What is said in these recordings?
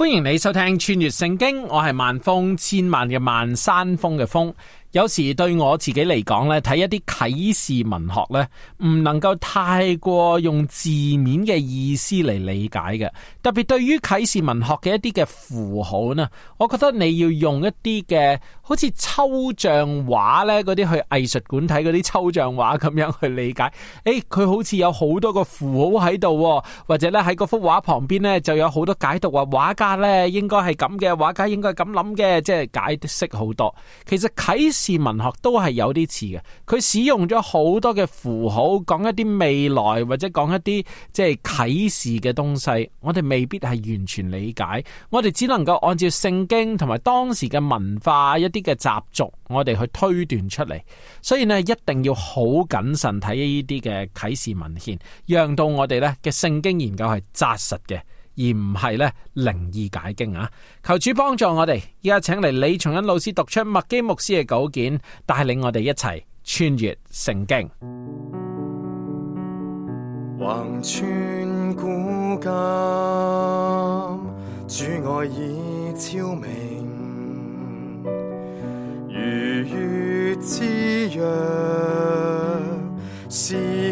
歡迎你收聽《穿越聖經》，我係萬峰，千萬嘅萬山峰嘅峰。有時對我自己嚟講咧，睇一啲啟示文學咧，唔能夠太過用字面嘅意思嚟理解嘅。特別對於啟示文學嘅一啲嘅符號呢，我覺得你要用一啲嘅。好似抽象畫咧，啲去藝術館睇啲抽象畫咁樣去理解，誒、欸,佢好似有好多個符號喺度，或者咧喺幅畫旁邊咧就有好多解讀，話畫家咧應該係咁嘅，畫家應該咁諗嘅，即係解釋好多。其實啟示文學都係有啲似嘅，佢使用咗好多嘅符號，講一啲未來或者講一啲即係啟示嘅東西，我哋未必係完全理解，我哋只能夠按照聖經同埋當時嘅文化一啲嘅習俗，我哋去推斷出嚟，所以呢，一定要好謹慎睇呢啲嘅啟示文獻，讓到我哋呢嘅聖經研究係紮實嘅，而唔係呢靈意解經啊！求主幫助我哋，而家請嚟李松恩老師讀出麥基牧師嘅稿件，帶領我哋一齊穿越聖經。橫穿古今，主愛已超美。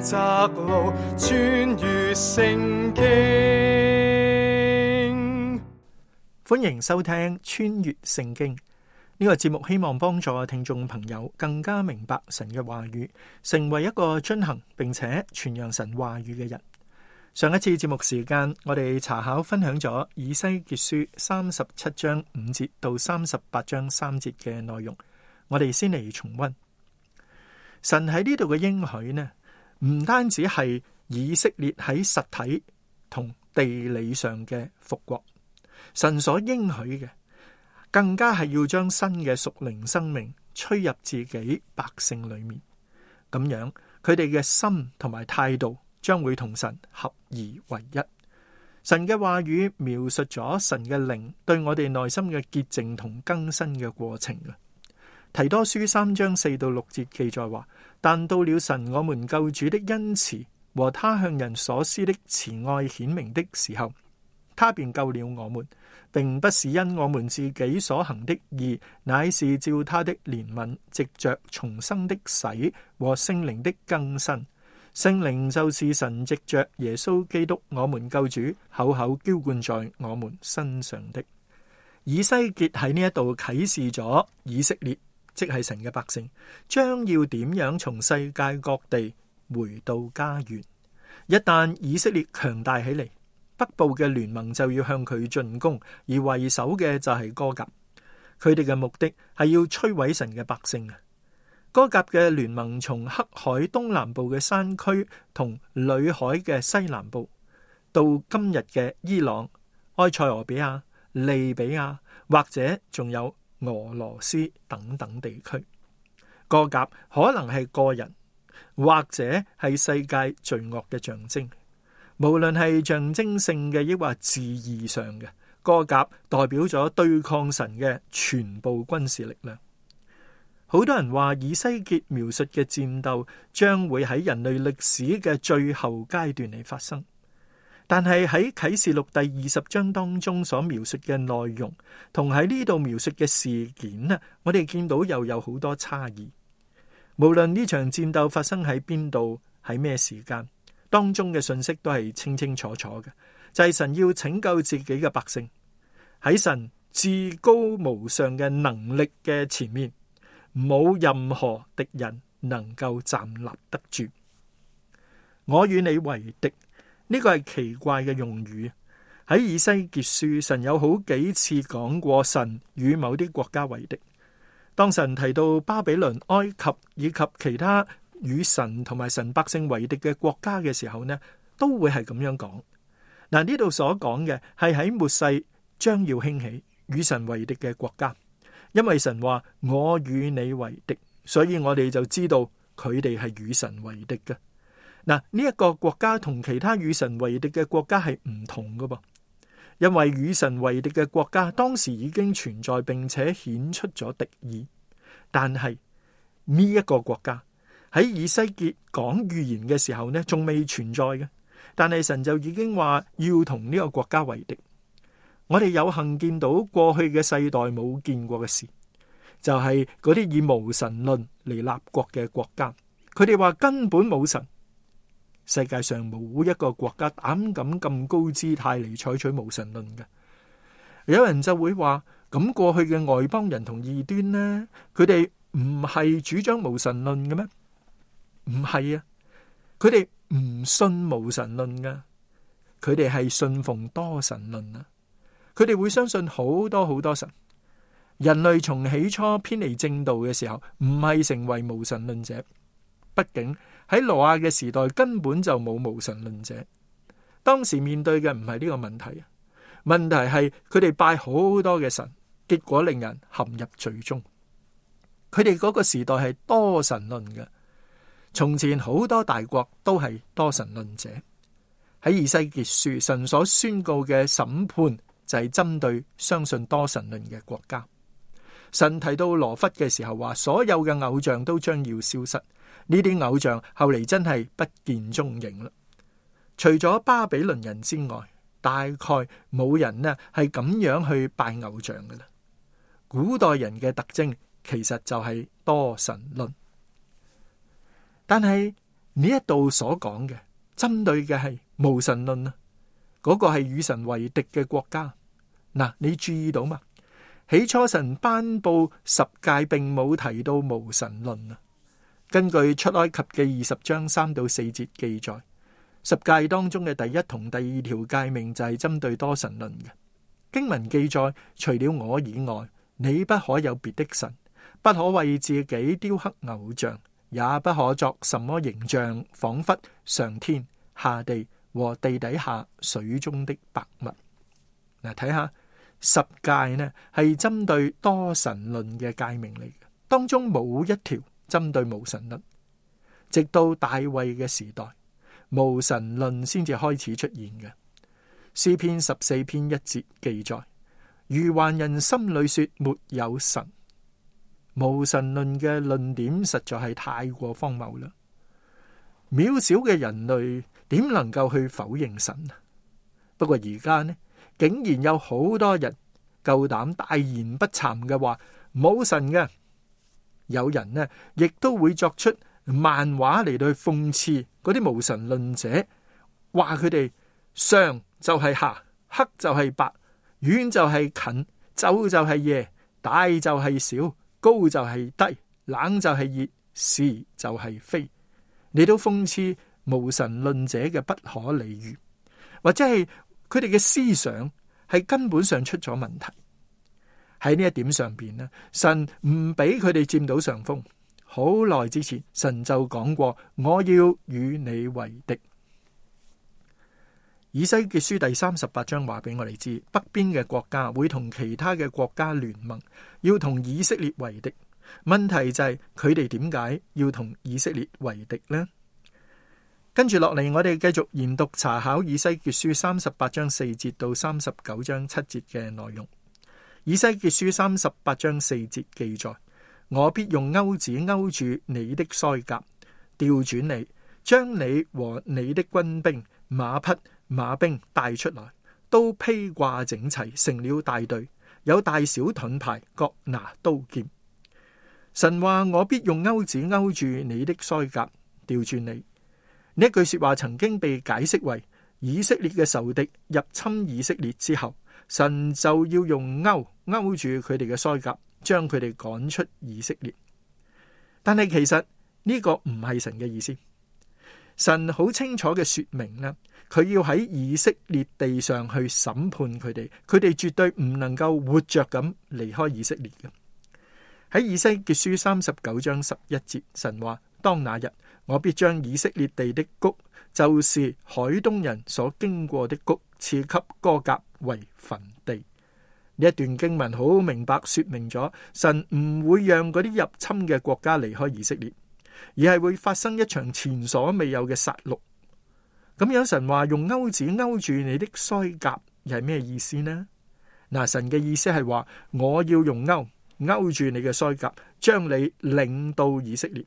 窄路穿越聖經，歡迎收聽《穿越聖經》呢個節目。希望幫助聽眾朋友更加明白神嘅話語，成為一個遵行並且傳揚神話語嘅人。上一次節目時間，我哋查考分享咗以西結書三十七章五節到三十八章三節嘅內容。我哋先嚟重温神喺呢度嘅應許呢？唔單止係以色列喺實體同地理上嘅復國，神所應許嘅，更加係要將新嘅屬靈生命吹入自己百姓裏面，咁樣佢哋嘅心同埋態度將會同神合而為一。神嘅話語描述咗神嘅靈對我哋內心嘅潔淨同更新嘅過程。提多書三章四到六節記載話，但到了神我們救主的恩慈和他向人所施的慈愛顯明的時候，他便救了我們，並不是因我們自己所行的義，乃是照他的憐憫，藉着重生的洗和聖靈的更新。聖靈就是神藉着耶穌基督我們救主口口澆灌在我們身上的。以西結喺呢一度啟示咗以色列。即係神嘅百姓，將要點樣從世界各地回到家園？一旦以色列強大起嚟，北部嘅聯盟就要向佢進攻，而為首嘅就係歌革。佢哋嘅目的係要摧毀神嘅百姓啊！歌革嘅聯盟從黑海東南部嘅山區同裏海嘅西南部，到今日嘅伊朗、埃塞俄比亞、利比亞，或者仲有。俄羅斯等等地區，個甲可能係個人或者係世界罪惡嘅象徵。無論係象徵性嘅，抑或字義上嘅，個甲代表咗對抗神嘅全部軍事力量。好多人話以西結描述嘅戰鬥將會喺人類歷史嘅最後階段嚟發生。但係喺啟示錄第二十章當中所描述嘅內容，同喺呢度描述嘅事件呢，我哋見到又有好多差異。無論呢場戰鬥發生喺邊度，喺咩時間，當中嘅信息都係清清楚楚嘅。就係神要拯救自己嘅百姓，喺神至高無上嘅能力嘅前面，冇任何敵人能夠站立得住。我與你為敵。呢個係奇怪嘅用語，喺以西結書，神有好幾次講過神與某啲國家為敵。當神提到巴比倫、埃及以及其他與神同埋神百姓為敵嘅國家嘅時候呢，都會係咁樣講。嗱，呢度所講嘅係喺末世將要興起與神為敵嘅國家，因為神話我與你為敵，所以我哋就知道佢哋係與神為敵嘅。嗱，呢一個國家同其他與神為敵嘅國家係唔同噶噃，因為與神為敵嘅國家當時已經存在，並且顯出咗敵意。但係呢一個國家喺以西結講預言嘅時候呢，仲未存在嘅。但係神就已經話要同呢個國家為敵。我哋有幸見到過去嘅世代冇見過嘅事，就係嗰啲以無神論嚟立國嘅國家，佢哋話根本冇神。世界上冇一個國家膽敢咁高姿態嚟，採取無神論嘅。有人就會話：咁過去嘅外邦人同異端呢？佢哋唔係主張無神論嘅咩？唔係啊！佢哋唔信無神論噶，佢哋係信奉多神論啊！佢哋會相信好多好多神。人類從起初偏離正道嘅時候，唔係成為無神論者，畢竟。喺挪亞嘅時代根本就冇無神論者，當時面對嘅唔係呢個問題啊，問題係佢哋拜好多嘅神，結果令人陷入罪中。佢哋嗰個時代係多神論嘅，從前好多大國都係多神論者。喺以西結書，神所宣告嘅審判就係針對相信多神論嘅國家。神提到羅弗嘅時候話，所有嘅偶像都將要消失。呢啲偶像後嚟真係不見蹤影啦，除咗巴比倫人之外，大概冇人呢係咁樣去拜偶像噶啦。古代人嘅特徵其實就係多神論，但係呢一度所講嘅，針對嘅係無神論啊，嗰個係與神為敵嘅國家。嗱，你注意到嘛？起初神頒布十誡，並冇提到無神論啊。根據出埃及記二十章三到四節記載，十誡當中嘅第一同第二條誡命就係針對多神論嘅。經文記載，除了我以外，你不可有別的神，不可為自己雕刻偶像，也不可作什麼形象，仿佛上天、下地和地底下水中的百物。嗱，睇下十誡呢，係針對多神論嘅誡命嚟嘅，當中冇一條。針對無神論，直到大衛嘅時代，無神論先至開始出現嘅。詩篇十四篇一節記載：愚頑人心裏說沒有神，無神論嘅論點實在係太過荒謬啦。渺小嘅人類點能夠去否認神啊？不過而家呢，竟然有好多人夠膽大言不慚嘅話冇神嘅。有人呢，亦都會作出漫畫嚟到去諷刺嗰啲無神論者，話佢哋上就係下，黑就係白，遠就係近，走就係夜，大就係小，高就係低，冷就係熱，是就係非。你都諷刺無神論者嘅不可理喻，或者係佢哋嘅思想係根本上出咗問題。喺呢一點上邊呢，神唔俾佢哋佔到上風。好耐之前，神就講過：我要與你為敵。以西結書第三十八章話俾我哋知，北邊嘅國家會同其他嘅國家聯盟，要同以色列為敵。問題就係佢哋點解要同以色列為敵呢？跟住落嚟，我哋繼續研讀查考以西結書三十八章四節到三十九章七節嘅內容。以西結書三十八章四節記載：我必用鈎子鈎住你的腮頰，調轉你，將你和你的軍兵、馬匹、馬兵帶出來，都披掛整齊，成了大隊，有大小盾牌，各拿刀劍。神話我必用鈎子鈎住你的腮頰，調轉你。呢句說話曾經被解釋為以色列嘅仇敵入侵以色列之後。神就要用勾勾住佢哋嘅腮頰，將佢哋趕出以色列。但係其實呢個唔係神嘅意思。神好清楚嘅說明呢，佢要喺以色列地上去審判佢哋，佢哋絕對唔能夠活着咁離開以色列嘅。喺《以西結書》三十九章十一節，神話：當那日，我必將以色列地的谷，就是海東人所經過的谷，賜給歌革，為墳地，呢一段經文好明白說明咗，神唔會讓嗰啲入侵嘅國家離開以色列，而係會發生一場前所未有嘅殺戮。咁有神話用鈎子勾住你的腮甲又係咩意思呢？嗱，神嘅意思係話，我要用鈎勾，勾住你嘅腮甲，將你領到以色列。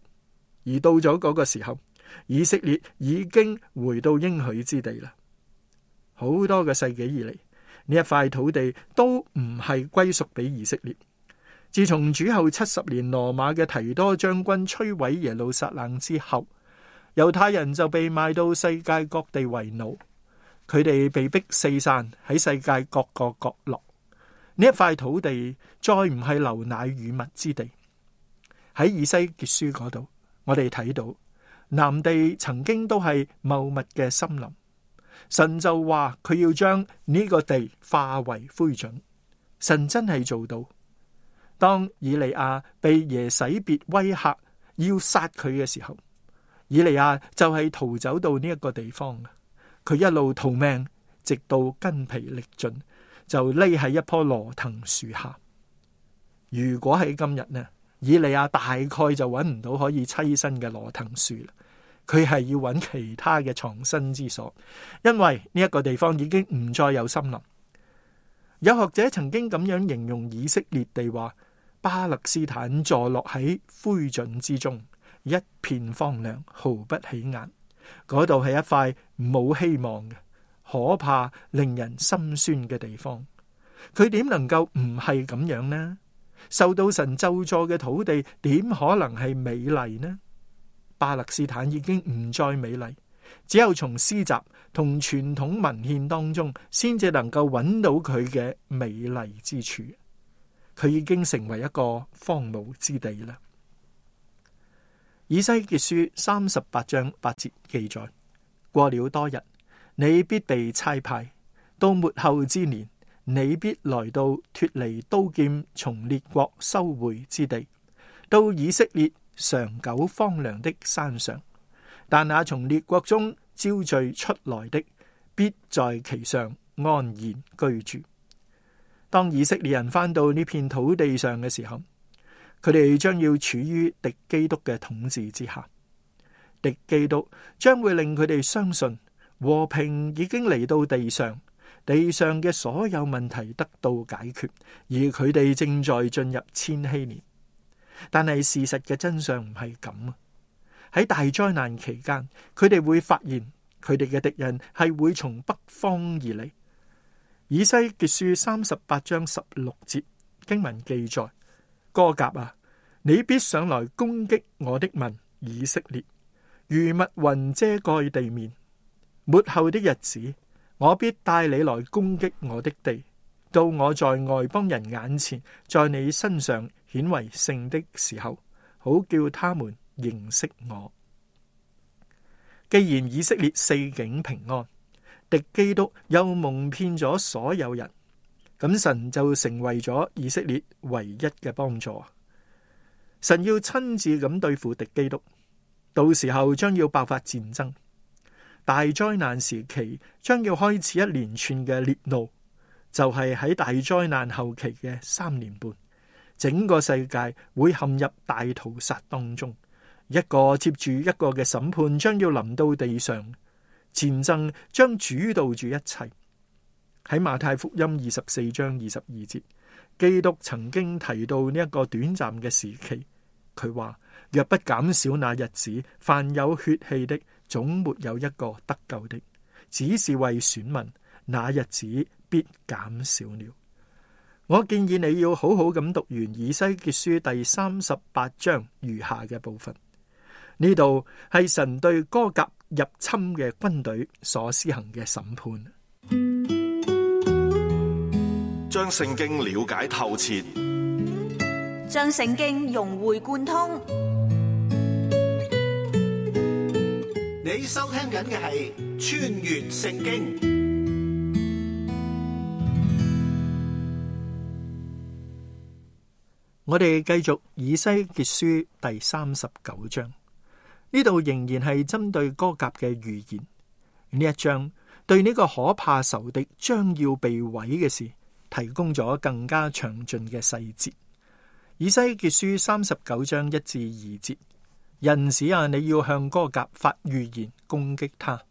而到咗嗰個時候，以色列已經回到應許之地啦。好多個世紀以嚟。呢一塊土地都唔係歸屬俾以色列。自從主後七十年羅馬嘅提多將軍摧毀耶路撒冷之後，猶太人就被賣到世界各地為奴，佢哋被逼四散喺世界各個角落。呢一塊土地再唔係流奶與蜜之地。喺以西結書嗰度，我哋睇到南地曾經都係茂密嘅森林。神就話佢要將呢個地化為灰燼，神真係做到。當以利亞被耶洗別威嚇要殺佢嘅時候，以利亞就係逃走到呢一個地方，佢一路逃命，直到筋疲力盡，就匿喺一棵羅藤樹下。如果喺今日呢，以利亞大概就揾唔到可以棲身嘅羅藤樹。佢係要揾其他嘅藏身之所，因為呢一個地方已經唔再有森林。有學者曾經咁樣形容以色列地話：巴勒斯坦坐落喺灰燼之中，一片荒涼，毫不起眼。嗰度係一塊冇希望嘅，可怕令人心酸嘅地方。佢點能夠唔係咁樣呢？受到神咒詛嘅土地，點可能係美麗呢？巴勒斯坦已經唔再美麗，只有從詩集同傳統文獻當中，先至能夠揾到佢嘅美麗之處。佢已經成為一個荒蕪之地啦。以西結書三十八章八節記載：過了多日，你必被差派，到末後之年，你必來到脫離刀劍、從列國收回之地，到以色列。長久荒涼的山上，但那從列國中招聚出來的，必在其上安然居住。當以色列人返到呢片土地上嘅時候，佢哋將要處於敵基督嘅統治之下。敵基督將會令佢哋相信和平已經嚟到地上，地上嘅所有問題得到解決，而佢哋正在進入千禧年。但係事實嘅真相唔係咁啊！喺大災難期間，佢哋會發現佢哋嘅敵人係會從北方而嚟。以西結書三十八章十六節經文記載：歌革啊，你必上來攻擊我的民以色列，如密雲遮蓋地面。末後的日子，我必帶你來攻擊我的地，到我在外邦人眼前，在你身上。顯為聖的時候，好叫他們認識我。既然以色列四境平安，敵基督又蒙騙咗所有人，咁神就成為咗以色列唯一嘅幫助。神要親自咁對付敵基督，到時候將要爆發戰爭，大災難時期將要開始一連串嘅烈怒，就係、是、喺大災難後期嘅三年半。整個世界會陷入大屠殺當中，一個接住一個嘅審判將要臨到地上，戰爭將主導住一切。喺馬太福音二十四章二十二節，基督曾經提到呢一個短暫嘅時期，佢話：若不減少那日子，凡有血氣的總沒有一個得救的，只是為選民，那日子必減少了。我建議你要好好咁讀完以西結書第三十八章餘下嘅部分。呢度係神對歌革入侵嘅軍隊所施行嘅審判。將聖經了解透徹，將聖經融會貫通。你收聽緊嘅係穿越聖經。我哋繼續以西結書第三十九章，呢度仍然係針對哥甲嘅預言。呢一章對呢個可怕仇敵將要被毀嘅事提供咗更加詳盡嘅細節。以西結書三十九章一至二節，人子啊，你要向哥甲發預言，攻擊他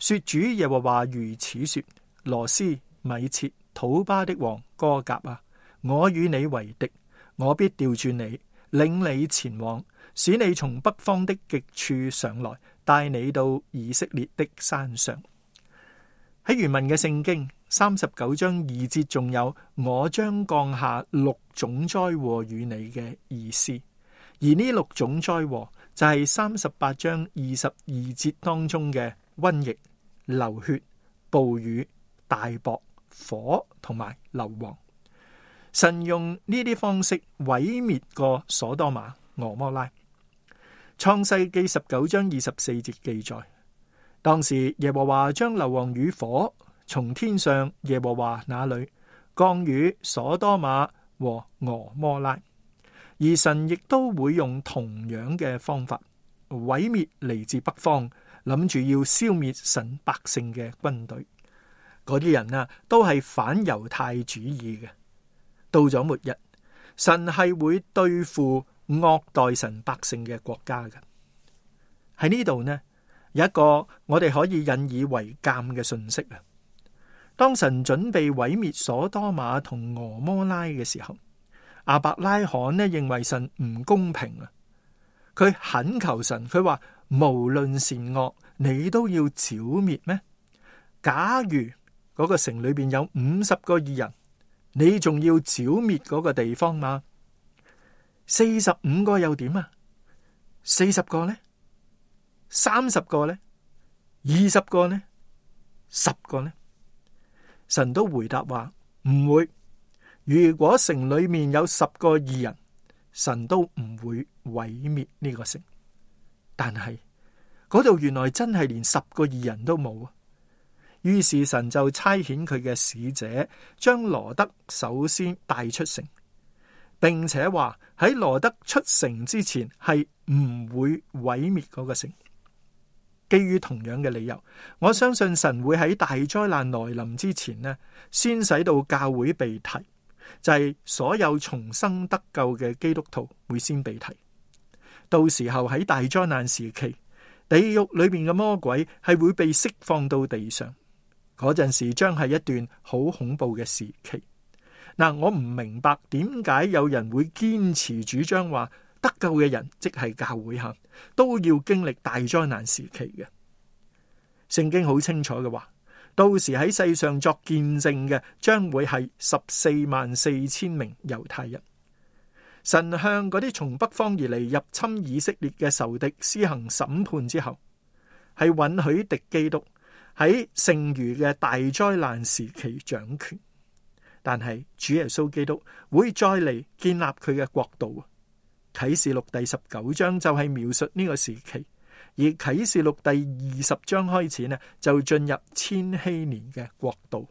說：主耶和華如此說，羅斯米切土巴的王哥甲啊，我與你為敵。我必調轉你，領你前往，使你從北方的極處上來，帶你到以色列的山上。喺原文嘅聖經三十九章二節，仲有我將降下六種災禍與你嘅意思，而呢六種災禍就係三十八章二十二節當中嘅瘟疫、流血、暴雨、大雹、火同埋硫磺。神用呢啲方式毀滅過所多瑪、俄摩拉。創世記十九章二十四節記載，當時耶和華將硫磺與火從天上耶和華那裏降於所多瑪和俄摩拉。而神亦都會用同樣嘅方法毀滅嚟自北方諗住要消滅神百姓嘅軍隊。嗰啲人啊，都係反猶太主義嘅。到咗末日，神係會對付惡待神百姓嘅國家嘅。喺呢度呢，有一個我哋可以引以為鑒嘅信息啊。當神準備毀滅所多瑪同俄摩拉嘅時候，亞伯拉罕呢認為神唔公平啊。佢懇求神，佢話，無論善惡，你都要剿滅咩？假如嗰個城裏邊有五十個義人。你仲要剿滅嗰個地方嘛？四十五個又點啊？四十個呢？三十個呢？二十個呢？十個呢？神都回答話唔會。如果城裏面有十個義人，神都唔會毀滅呢個城。但係嗰度原來真係連十個義人都冇啊！於是神就差遣佢嘅使者將羅德首先帶出城，並且話喺羅德出城之前係唔會毀滅嗰個城。基於同樣嘅理由，我相信神會喺大災難來臨之前呢，先使到教會被提，就係所有重生得救嘅基督徒會先被提。到時候喺大災難時期，地獄裏面嘅魔鬼係會被釋放到地上。嗰陣時將係一段好恐怖嘅時期。嗱，我唔明白點解有人會堅持主張話得救嘅人即係教會吓都要經歷大災難時期嘅。聖經好清楚嘅話，到時喺世上作見證嘅將會係十四萬四千名猶太人。神向嗰啲從北方而嚟入侵以色列嘅仇敵施行審判之後，係允許敵基督。喺剩餘嘅大災難時期掌權，但係主耶穌基督會再嚟建立佢嘅國度。啟示錄第十九章就係描述呢個時期，而啟示錄第二十章開始呢就進入千禧年嘅國度。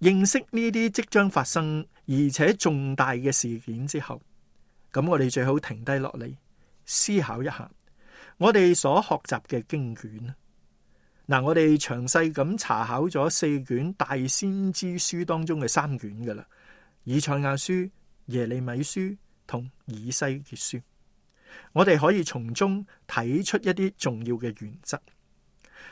認識呢啲即將發生而且重大嘅事件之後，咁我哋最好停低落嚟思考一下，我哋所學習嘅經卷。嗱、啊，我哋詳細咁查考咗四卷大先知書當中嘅三卷噶啦，以賽亞書、耶利米書同以西結書，我哋可以從中睇出一啲重要嘅原則。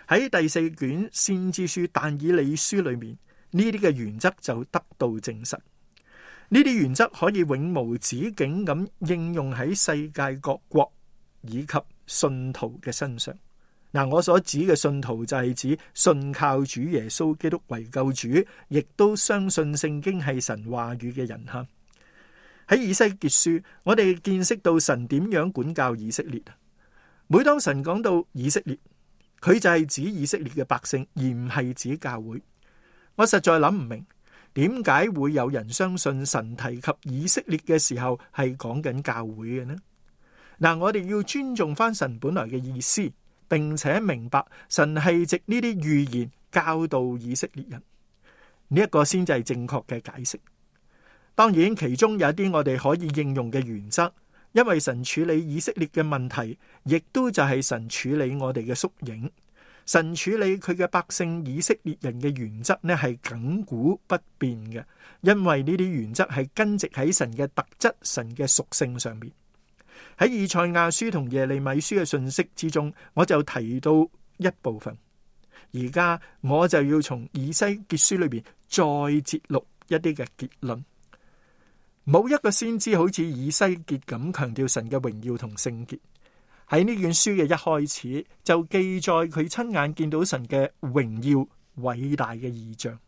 喺第四卷先知書但以理書裏面，呢啲嘅原則就得到證實。呢啲原則可以永無止境咁應用喺世界各國以及信徒嘅身上。嗱，我所指嘅信徒就係指信靠主耶穌基督為救主，亦都相信聖經係神話語嘅人吓。喺以西結書，我哋見識到神點樣管教以色列啊。每當神講到以色列，佢就係指以色列嘅百姓，而唔係指教會。我實在諗唔明點解會有人相信神提及以色列嘅時候係講緊教會嘅呢？嗱，我哋要尊重翻，神本來嘅意思。並且明白神係藉呢啲預言教導以色列人，呢、這、一個先至係正確嘅解釋。當然，其中有啲我哋可以應用嘅原則，因為神處理以色列嘅問題，亦都就係神處理我哋嘅縮影。神處理佢嘅百姓以色列人嘅原則呢係亘古不變嘅，因為呢啲原則係根植喺神嘅特質、神嘅屬性上面。喺以賽亞書同耶利米書嘅信息之中，我就提到一部分。而家我就要從以西結書裏邊再揭露一啲嘅結論。冇一個先知好似以西結咁強調神嘅榮耀同聖潔。喺呢卷書嘅一開始就記載佢親眼見到神嘅榮耀偉大嘅異象，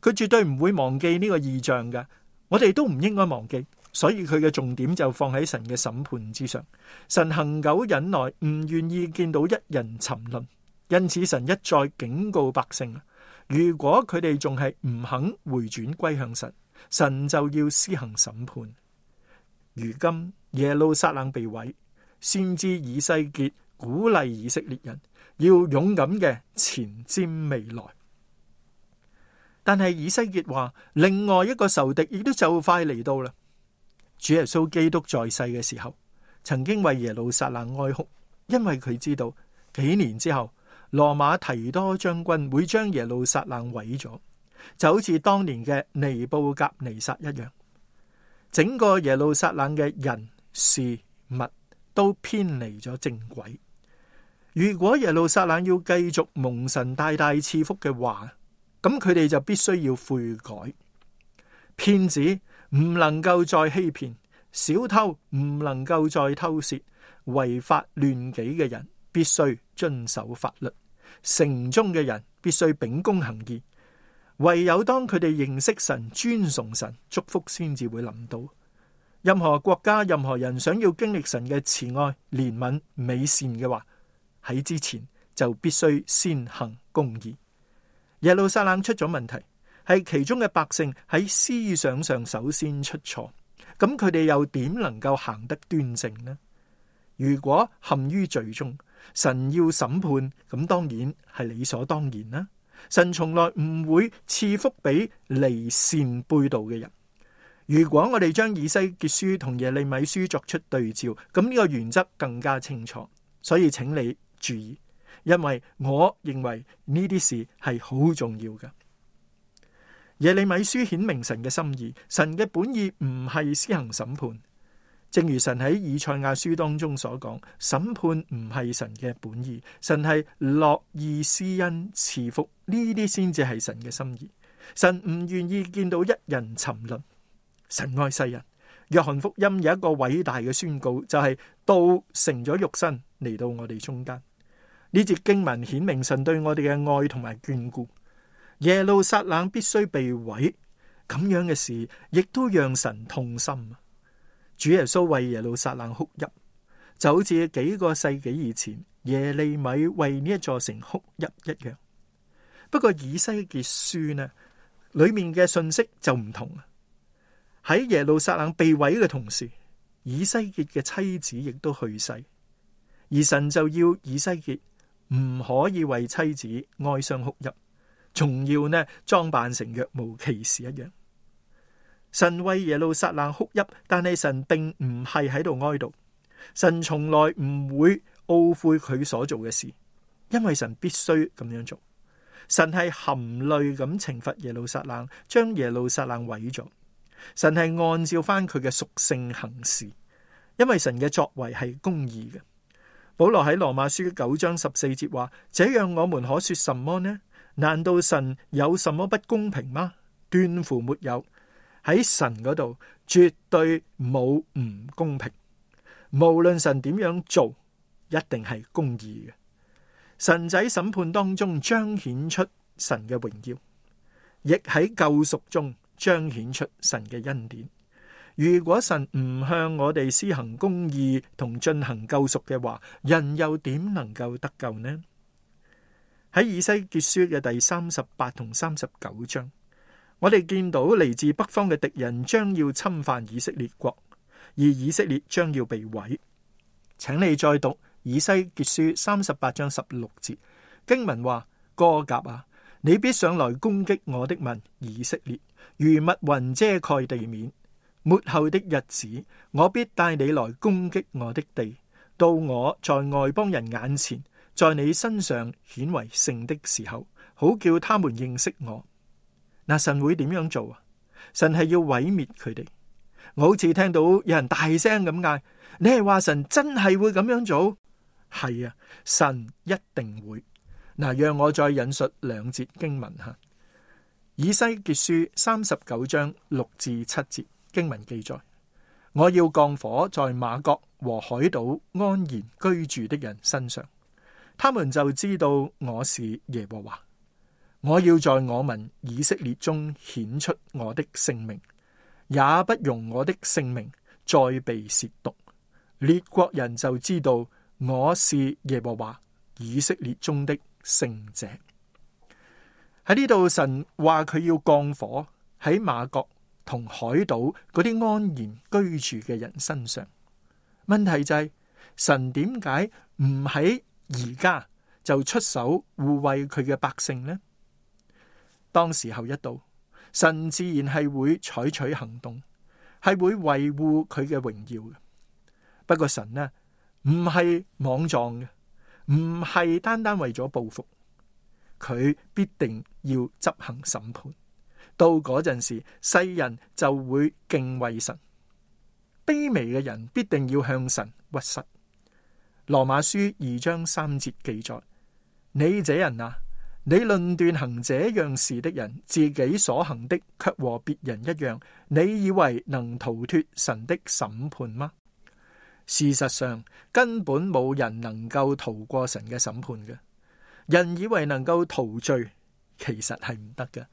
佢絕對唔會忘記呢個異象嘅。我哋都唔應該忘記。所以佢嘅重點就放喺神嘅審判之上。神恒久忍耐，唔願意見到一人沉淪，因此神一再警告百姓：如果佢哋仲係唔肯回轉歸向神，神就要施行審判。如今耶路撒冷被毀，先知以西結鼓勵以色列人要勇敢嘅前瞻未來。但係以西結話，另外一個仇敵亦都就快嚟到啦。主耶穌基督在世嘅時候，曾經為耶路撒冷哀哭，因為佢知道幾年之後，羅馬提多將軍會將耶路撒冷毀咗，就好似當年嘅尼布甲尼撒一樣，整個耶路撒冷嘅人事物都偏離咗正軌。如果耶路撒冷要繼續蒙神大大賜福嘅話，咁佢哋就必須要悔改，騙子唔能夠再欺騙，小偷唔能夠再偷竊，違法亂紀嘅人必須遵守法律。城中嘅人必須秉公行義，唯有當佢哋認識神、尊崇神、祝福，先至會臨到。任何國家、任何人想要經歷神嘅慈愛、憐憫、美善嘅話，喺之前就必須先行公義。耶路撒冷出咗問題。係其中嘅百姓喺思想上首先出錯，咁佢哋又點能夠行得端正呢？如果陷於罪中，神要審判，咁當然係理所當然啦。神從來唔會賜福俾離善背道嘅人。如果我哋將以西結書同耶利米書作出對照，咁呢個原則更加清楚。所以，請你注意，因為我認為呢啲事係好重要嘅。耶利米書顯明神嘅心意，神嘅本意唔係施行審判。正如神喺以賽亞書當中所講，審判唔係神嘅本意，神係樂意施恩、賜福，呢啲先至係神嘅心意。神唔願意見到一人沉淪，神愛世人。約翰福音有一個偉大嘅宣告，就係、是、道成咗肉身嚟到我哋中間。呢節經文顯明神對我哋嘅愛同埋眷顧。耶路撒冷必須被毀，咁樣嘅事亦都讓神痛心。主耶穌為耶路撒冷哭泣，就好似幾個世紀以前耶利米為呢一座城哭泣一樣。不過，以西結書呢裡面嘅信息就唔同。喺耶路撒冷被毀嘅同時，以西結嘅妻子亦都去世，而神就要以西結唔可以為妻子哀傷哭泣。仲要呢？裝扮成若無其事一樣。神為耶路撒冷哭泣，但係神並唔係喺度哀悼。神從來唔會懊悔佢所做嘅事，因為神必須咁樣做。神係含淚咁懲罰耶路撒冷，將耶路撒冷毀咗。神係按照翻佢嘅屬性行事，因為神嘅作為係公義嘅。保羅喺羅馬書九章十四節話：這樣我們可說什麼呢？難道神有什麼不公平嗎？斷乎沒有。喺神嗰度絕對冇唔公平，無論神點樣做，一定係公義嘅。神仔審判當中彰顯出神嘅榮耀，亦喺救贖中彰顯出神嘅恩典。如果神唔向我哋施行公義同進行救贖嘅話，人又點能夠得救呢？喺以西結書嘅第三十八同三十九章，我哋見到嚟自北方嘅敵人將要侵犯以色列國，而以色列將要被毀。請你再讀以西結書三十八章十六節經文話：歌革啊，你必上來攻擊我的民以色列，如密雲遮蓋地面。末後的日子，我必帶你來攻擊我的地，到我在外邦人眼前，在你身上顯為聖的時候，好叫他們認識我。那神會點樣做啊？神係要毀滅佢哋。我好似聽到有人大聲咁嗌：你係話神真係會咁樣做？係啊，神一定會。嗱，讓我再引述兩節經文吓，《以西結書》三十九章六至七節經文記載：我要降火在馬國和海島安然居住的人身上。他們就知道我是耶和華，我要在我民以色列中顯出我的聖名，也不容我的聖名再被褻瀆。列國人就知道我是耶和華以色列中的聖者。喺呢度，神話佢要降火喺瑪各同海島嗰啲安然居住嘅人身上。問題就係、是、神點解唔喺？而家就出手護衛佢嘅百姓呢。當時候一到，神自然係會採取行動，係會維護佢嘅榮耀嘅。不過神呢，唔係莽撞嘅，唔係單單為咗報復，佢必定要執行審判。到嗰陣時，世人就會敬畏神，卑微嘅人必定要向神屈膝。羅馬書二章三節記載：你這人啊，你論斷行這樣事的人，自己所行的却和別人一樣，你以為能逃脱神的審判嗎？事實上根本冇人能夠逃過神嘅審判嘅。人以為能夠逃罪，其實係唔得嘅。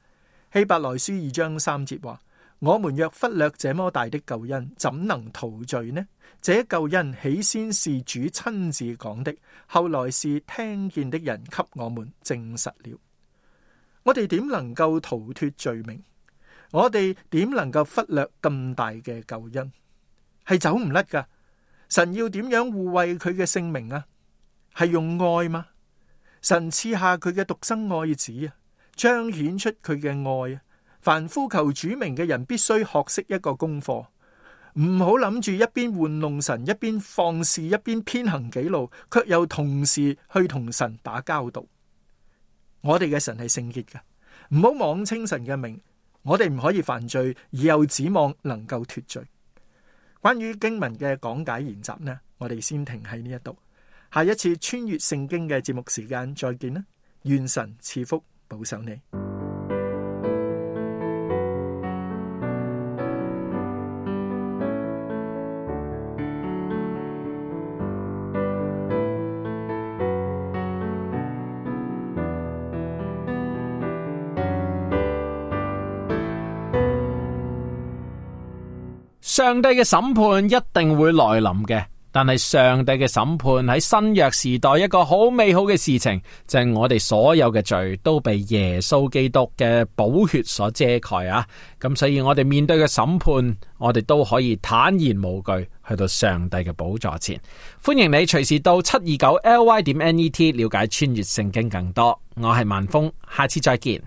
希伯來書二章三節話：我們若忽略這麼大的救恩，怎能逃罪呢？這救恩起先是主親自講的，後來是聽見的人給我們證實了。我哋點能夠逃脫罪名？我哋點能夠忽略咁大嘅救恩？係走唔甩噶。神要點樣護衛佢嘅性命啊？係用愛嗎？神賜下佢嘅獨生愛子啊，彰顯出佢嘅愛啊。凡呼求主名嘅人，必須學識一個功課，唔好諗住一邊玩弄神，一邊放肆，一邊偏行己路，卻又同時去同神打交道。我哋嘅神係聖潔嘅，唔好妄稱神嘅名。我哋唔可以犯罪，而又指望能夠脫罪。關於經文嘅講解研習呢，我哋先停喺呢一度。下一次穿越聖經嘅節目時間再見啦，願神賜福保守你。上帝嘅審判一定會來臨嘅，但係上帝嘅審判喺新約時代一個好美好嘅事情，就係我哋所有嘅罪都被耶穌基督嘅寶血所遮蓋啊！咁所以我哋面對嘅審判，我哋都可以坦然無懼去到上帝嘅寶座前。歡迎你隨時到七二九 l y 點 n e t 了解穿越聖經更多。我係萬峰，下次再見。